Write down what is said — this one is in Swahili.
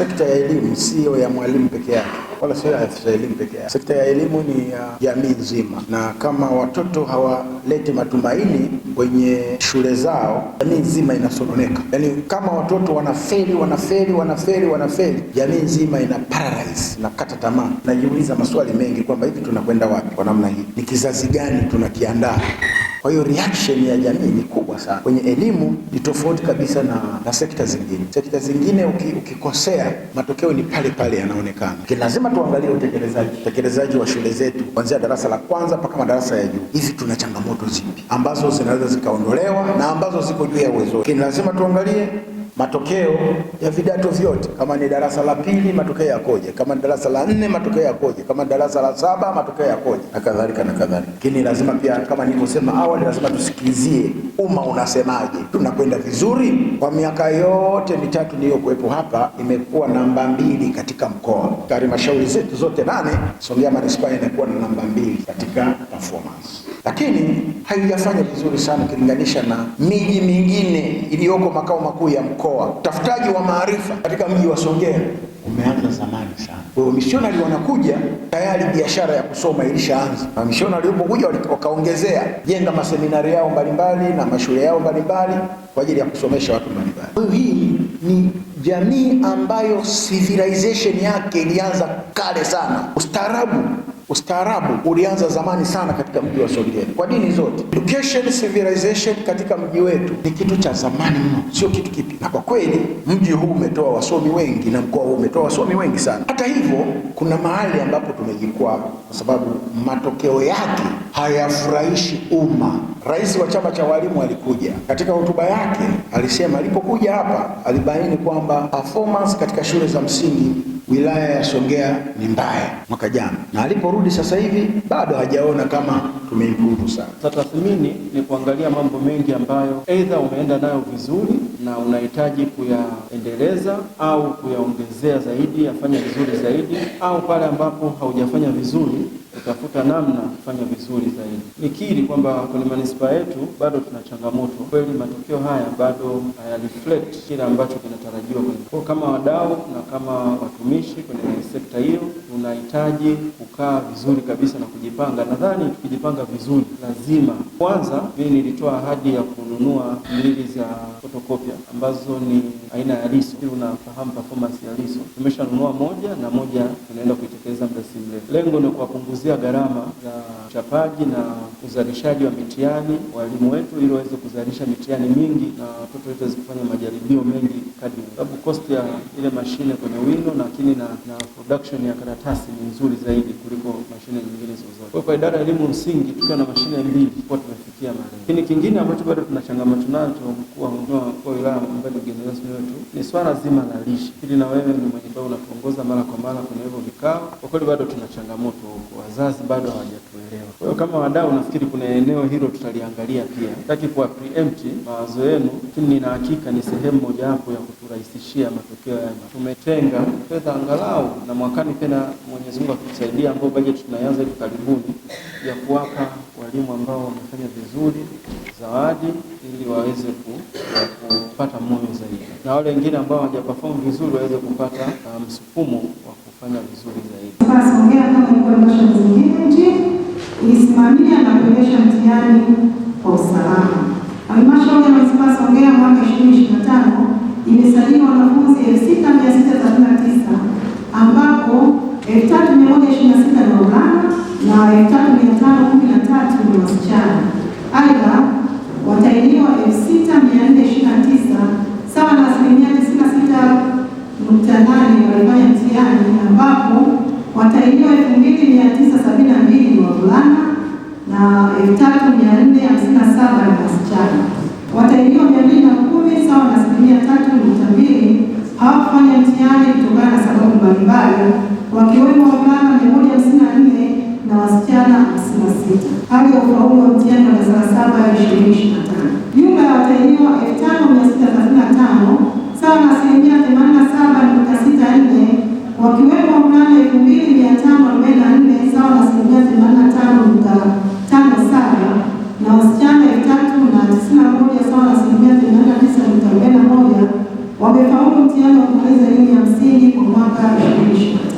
sekta ya elimu siyo ya mwalimu peke yake wala sio ya afisa elimu peke yake. Sekta ya elimu ni ya jamii nzima, na kama watoto hawaleti matumaini kwenye shule zao, jamii nzima inasononeka. Yani kama watoto wanafeli wanafeli wanafeli wanafeli, jamii nzima ina paralyze, inakata tamaa. Najiuliza maswali mengi kwamba hivi tunakwenda wapi kwa namna hii? Ni kizazi gani tunakiandaa? Kwa hiyo reaction ya jamii ni kubwa sana. Kwenye elimu ni tofauti kabisa na, na sekta zingine. Sekta zingine ukikosea, uki matokeo ni pale pale yanaonekana. Lazima tuangalie utekelezaji, utekelezaji wa shule zetu kuanzia darasa la kwanza mpaka madarasa ya juu. hizi tuna changamoto zipi ambazo zinaweza zikaondolewa na ambazo ziko juu ya uwezo, lakini lazima tuangalie matokeo ya vidato vyote, kama ni darasa la pili matokeo yakoje, kama ni darasa la nne matokeo yakoje, kama ni darasa la saba matokeo yakoje, na kadhalika na kadhalika. Lakini lazima pia, kama nilivyosema awali, lazima tusikilizie umma unasemaje. Tunakwenda vizuri. Kwa miaka yote mitatu niliyokuwepo hapa, imekuwa namba mbili katika mkoa. Halmashauri zetu zote nane, Songea manispaa imekuwa na namba mbili katika performance lakini haijafanya vizuri sana ukilinganisha na miji mingine iliyoko makao makuu ya mkoa. Utafutaji wa maarifa katika mji wa Songea umeanza zamani sana. wamishonari wanakuja tayari, biashara ya kusoma ilishaanza. Wamishonari walipokuja wakaongezea jenga maseminari yao mbalimbali na mashule yao mbalimbali kwa ajili ya kusomesha watu mbalimbali. Kwa hiyo hii ni jamii ambayo civilization yake ilianza kale sana, ustaarabu Ustaarabu ulianza zamani sana katika mji wa Songea kwa dini zote. Education civilization katika mji wetu ni kitu cha zamani mno, sio kitu kipi. Na kwa kweli mji huu umetoa wasomi wengi na mkoa huu umetoa wasomi wengi sana. Hata hivyo, kuna mahali ambapo tumejikwaa, kwa sababu matokeo yake hayafurahishi umma. Rais wa chama cha walimu alikuja, katika hotuba yake alisema, alipokuja hapa alibaini kwamba performance katika shule za msingi wilaya ya Songea ni mbaya mwaka jana, na aliporudi sasa hivi bado hajaona kama tumeimprove sana. Sasa tathmini ni kuangalia mambo mengi ambayo aidha umeenda nayo vizuri na unahitaji kuyaendeleza au kuyaongezea zaidi, yafanye vizuri zaidi, au pale ambapo haujafanya vizuri tutafuta namna kufanya vizuri zaidi. Nikiri kwamba kwenye manispaa yetu bado tuna changamoto kweli, matokeo haya bado haya reflect kile ambacho kinatarajiwa kwa kama wadau na kama watumishi kwenye sekta hiyo, tunahitaji kukaa vizuri kabisa na kujipanga. Nadhani tukijipanga vizuri, lazima kwanza, mimi nilitoa ahadi ya ku kununua mbili za fotokopia ambazo ni aina ya liso. Unafahamu performance ya liso, tumeshanunua moja na moja tunaenda kuitekeleza muda si mrefu. Lengo ni kuwapunguzia gharama za uchapaji na uzalishaji wa mitihani walimu wetu, ili waweze kuzalisha mitihani mingi na watoto wetu waweze kufanya majaribio mengi kadri, sababu cost ya ile mashine kwenye wino, lakini na, na production ya karatasi ni nzuri zaidi kuliko mashine nyingine zozote. Kwa idara ya elimu msingi tukiwa na mashine mbili kufikia malengo. Lakini kingine ambacho bado tuna changamoto nacho, mkuu wa wilaya ambaye tuligendelea yetu ni swala zima la lishe. Ili na wewe ni mwenye ambao unatuongoza mara kwa mara kwenye hivyo vikao, kwa kweli bado tuna changamoto huko, wazazi bado hawajatuelewa. Kwa hiyo kama wadau, nafikiri kuna eneo hilo tutaliangalia pia. Sitaki kuwa preempt mawazo yenu, lakini nina hakika ni sehemu mojawapo ya kuturahisishia matokeo haya. Tumetenga fedha angalau na mwakani tena, Mwenyezi Mungu akitusaidia, ambao bajeti tunaanza hivi karibuni ya kuwapa walimu ambao wamefanya vizuri zawadi ili waweze kupata moyo zaidi, na wale wengine ambao hawajaperform vizuri waweze kupata um, msukumo um, wa kufanya vizuri zaidi. Songea kama isimamia na kuendesha mtihani kwa usalama. Halmashauri ya Manispaa Songea mia tano kumi na tatu ni wasichana. Aidha, watahiniwa elfu sita mia nne ishirini na tisa sawa na asilimia tisini na sita nukta nane walifanya mtihani, ambapo watahiniwa elfu mbili mia tisa sabini na mbili ni wavulana na elfu tatu mia nne hamsini na saba ni wasichana. hadi ya ufaulu wa mtihani wa darasa la saba ishirini ishirini na tano. Jumla ya watahiniwa elfu tano mia sita thelathini na tano sawa na asilimia themanini na saba nukta sita nne wakiwemo wavulana elfu mbili mia tano arobaini na nne sawa na asilimia themanini na tano nukta tano saba na wasichana elfu tatu na tisini na moja sawa na asilimia themanini na tisa nukta arobaini na moja wamefaulu mtihani wa kumaliza elimu ya msingi kwa mwaka elfu na ishirini